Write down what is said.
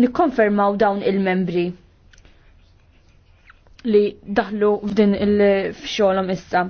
nikkonfermaw dawn il-membri li daħlu f'din il-fxolom issa.